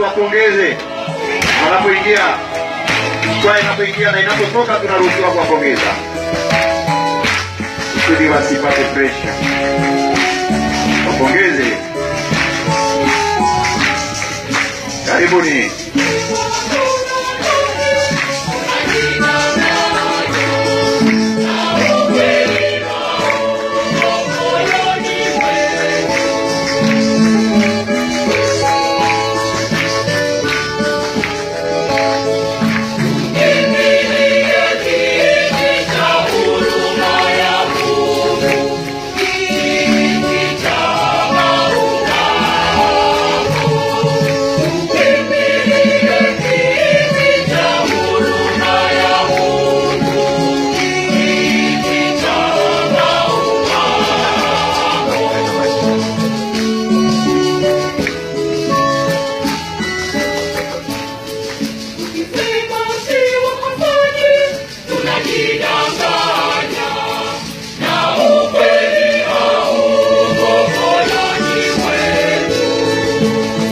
tuwapongeze wanapoingia kwaya inapoingia na inapotoka, tunaruhusiwa kuwapongeza kusudi wasipate presha. Wapongeze, karibuni. Música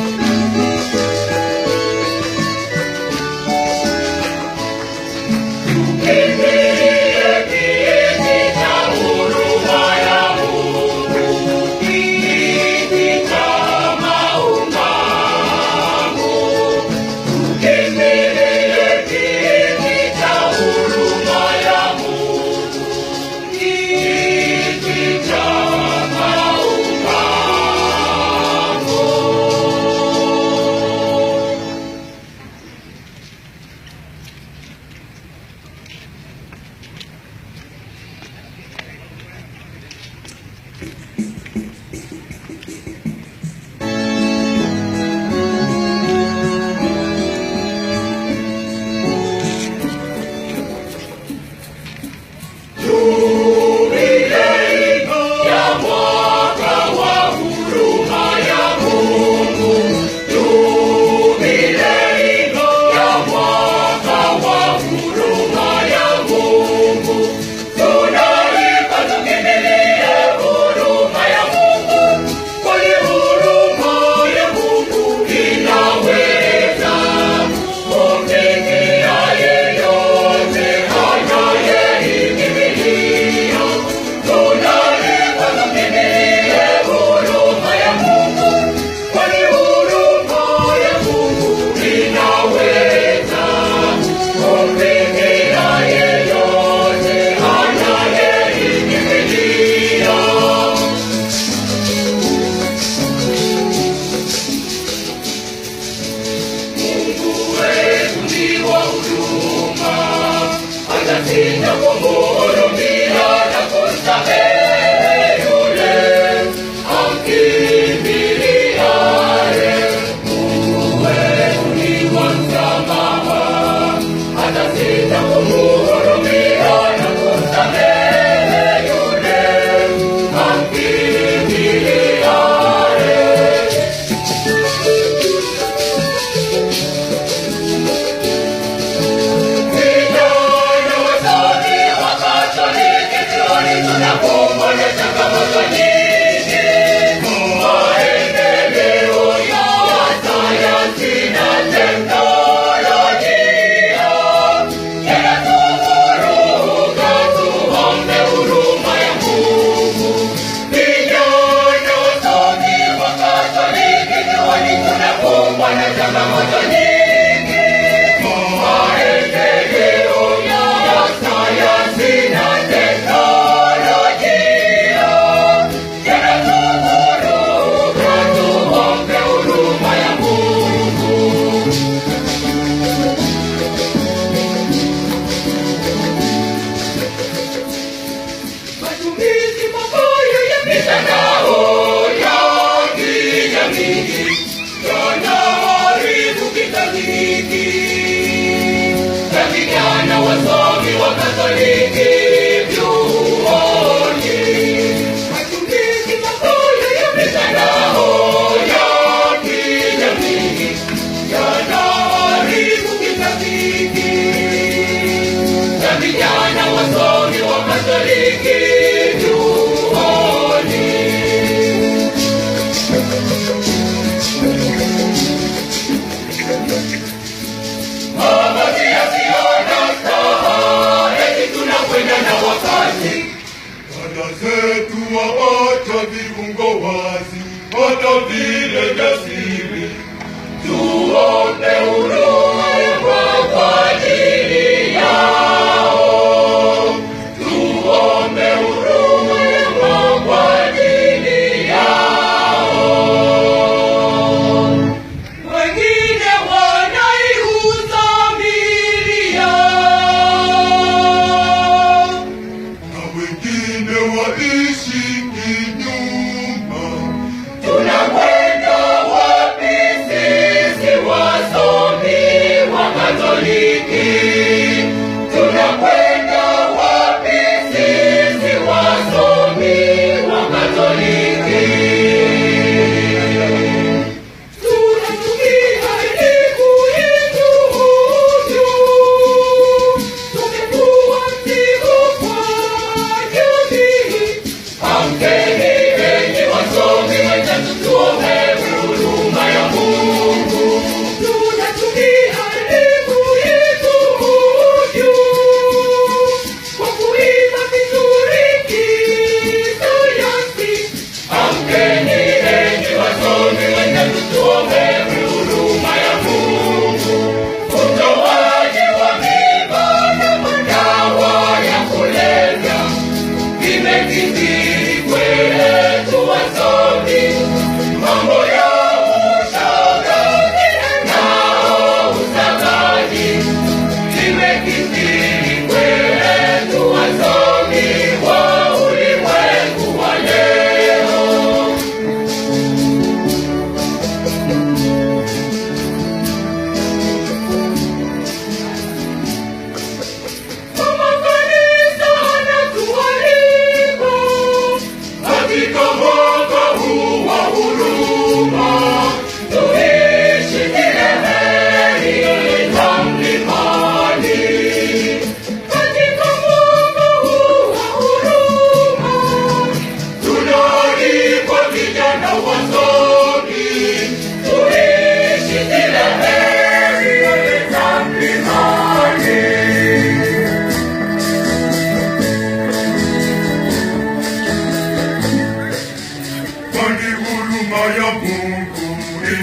good Everything.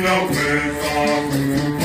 from place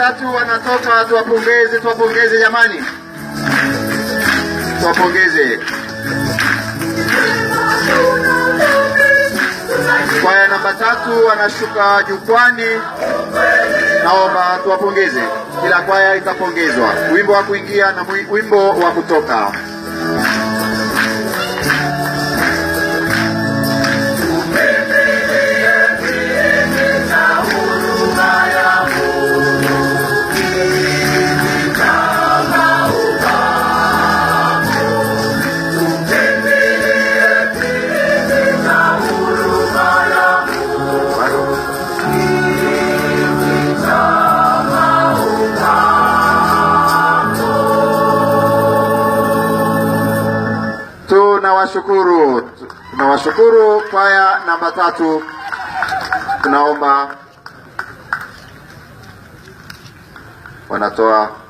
watatu wanatoka, tuwapongeze, tuwapongeze jamani, tuwapongeze. Kwaya namba tatu wanashuka jukwani, naomba tuwapongeze. Kila kwaya itapongezwa, wimbo wa kuingia na wimbo wa kutoka. tunawashukuru, tunawashukuru. Kwaya namba tatu, tunaomba wanatoa